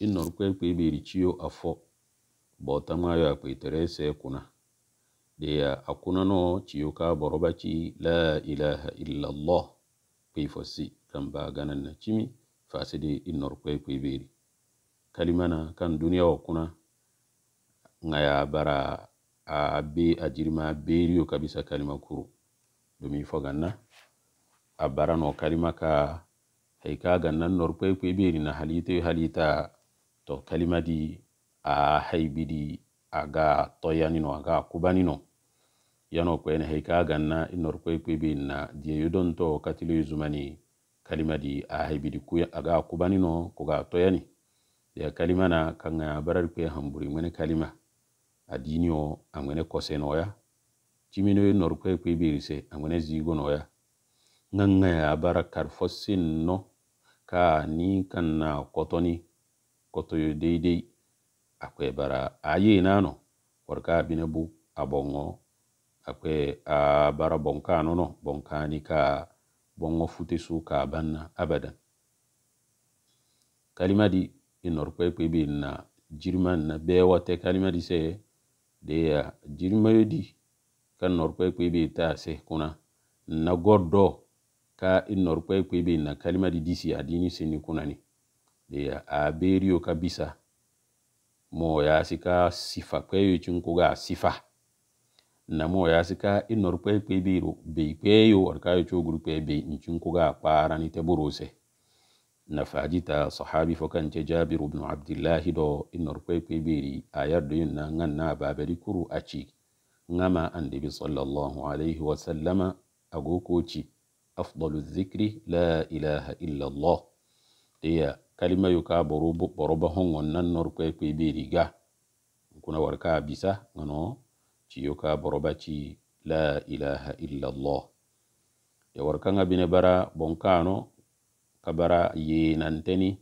inorukwe kpe ibirichio afọ bọta mayọ akpa itere ese kwụna dịya akwụnanụ chioka bọrọbachi laa ilaha ilallọ kpeifosi kamba ganana chimi fasidi inorukwe kpe ibiri kalimana kan duniya ọkwụna ngaya bara a be a jirima beriyo kabisa kalima kuru domin fọ ganna a bara nọ kalima ka haika ganna norukwe kpe ibiri na halite halita tɔ kalima di a haibi di a ga tɔya ninɔ a ga kuba ninɔ yano kwe na ka ganna inor kwe kwe bin na die yudon to katilo yuzumani kalima di a haibi di kuya a ga kuba ninɔ ko ga tɔya ni ya kalima na kan ga barar kwe hamburi mwene kalima a dini o a mwene kose noya cimino e inor kwe kwe birise a mwene zigo ya nganga ya bara fosin no ka ni kan na kotoni kotoyo deidei akwe bara aye nano worka abine bu abongo akwe a bara bonka nono bonka ni ka bongo fute su ka banna abadan kalima di inor kwe kwe bi na jirman na bewa te kalima di se de ya jirma yo di kan nor kwe kwe bi ta se kuna na gordo ka inor kwe kwe bi na kalima di disi adini se ni kuna ni aberio kabisa ya sika sifa kweyo ga sifa na ya sika inor kwe kwe biru be kweyo or kayo choguru kwe be ga para ni teburuse na fajita sahabi kan ce jabiru bin abdullahi do inor kwe kwe a ayar do na ngan na babari kuru aci ngama annabi sallallahu alayhi wa sallama agokoci afdalu Zikri la ilaha illa allah ya kalima yuka boroba hongon nan norkwe kwe beri ga kuna warka abisa ngano ci yuka boroba ci la ilaha illa allah ya warka nga bine bara bonkano kabara ye nanteni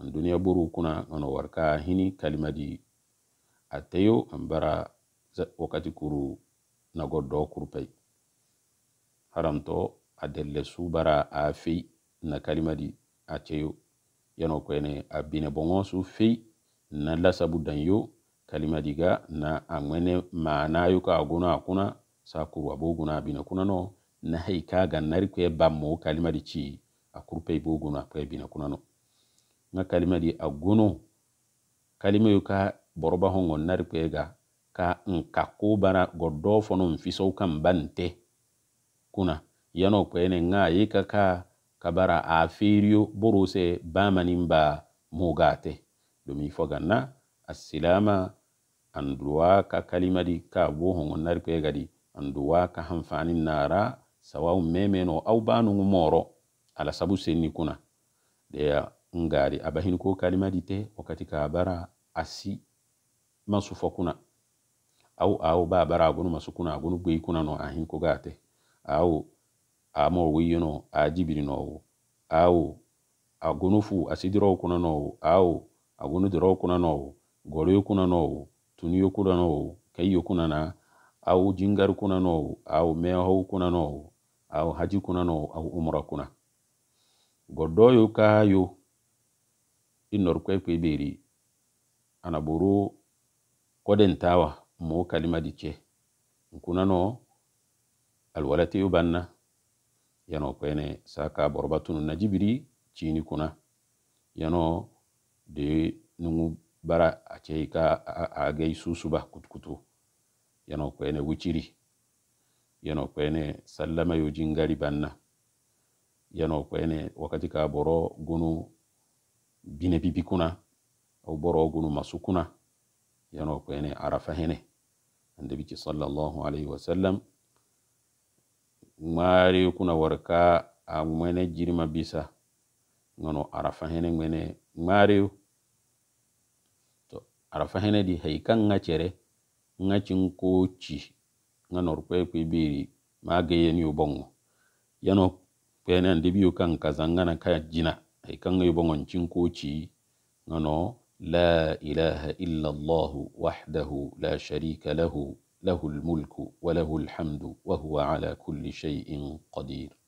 an dunia buru kuna ngano warka hini kalima di ateyo an bara wakati kuru nagodo kurpay haramto adelle su bara afi na kalima di ateyo yano kwene abine bongo sufi fei na lasabu danyo kalima diga na amwene maana yuka aguna akuna sakuru aboguna abine kuna no na heika ganari kwe bamo kalima di chi akurupe iboguna kwe abine kuna no na kalima di aguno kalima yuka boroba hongo nari kwe ga ka nka ko bara mfiso kan mbante kuna yano kwene nga yika ka kabara a feriyo borose bamanimba mugate ɗumi fogan na assilama anduwaka kalimadi ka bohongonari kuegadi anduwaka hanfanin nara sawau memeno au banugu moro ala sabu senni kuna deya ngari abahin ko kalimadi te wakati ka bara asi masufo kuna au au ba bara agunu masukuna agunu gwei kuna no ahin ko gate au ama owu yino ajibiri nowu awu agunu fu asidiro kuna nowu awu agunu diro kuna nowu goro kuna nowu tuniyo na nowu kaiyo kuna na na awu jingar kuna nowu awu meho kuna nowu awu haji kuna nowu awu umra kuna godoyo kayo inorkwekwe beri anaburu kodentawa mo kalima dice nkunano alwalatiyo banna yano kene saka borbatunu najibiri cini kuna yano de nungu bara acei ka agei susuba kutkutu yano kene wuciri yano kene sallama yujingari banna yano kene wakati ka boro gunu bine bibi kuna au boro gunu masu kuna yano kene arafa hene andebici sallallahu alaihi wasallam ŋmaari kuna wore ka a ŋmene jirima bisa ŋono arafahene ŋmene ŋmaari to arafahene di hayi kaŋ ŋa cere ŋa ciŋ ko ci ŋa nor kwe kwe biri ma gayeni yu boŋo yano kwene an debi yu kaŋ kaza ŋa na ka jina hayi kaŋ ŋa yu boŋo n ciŋ ko ci ŋono la ilaha illa allahu wahdahu la sharika lahu له الملك وله الحمد وهو على كل شيء قدير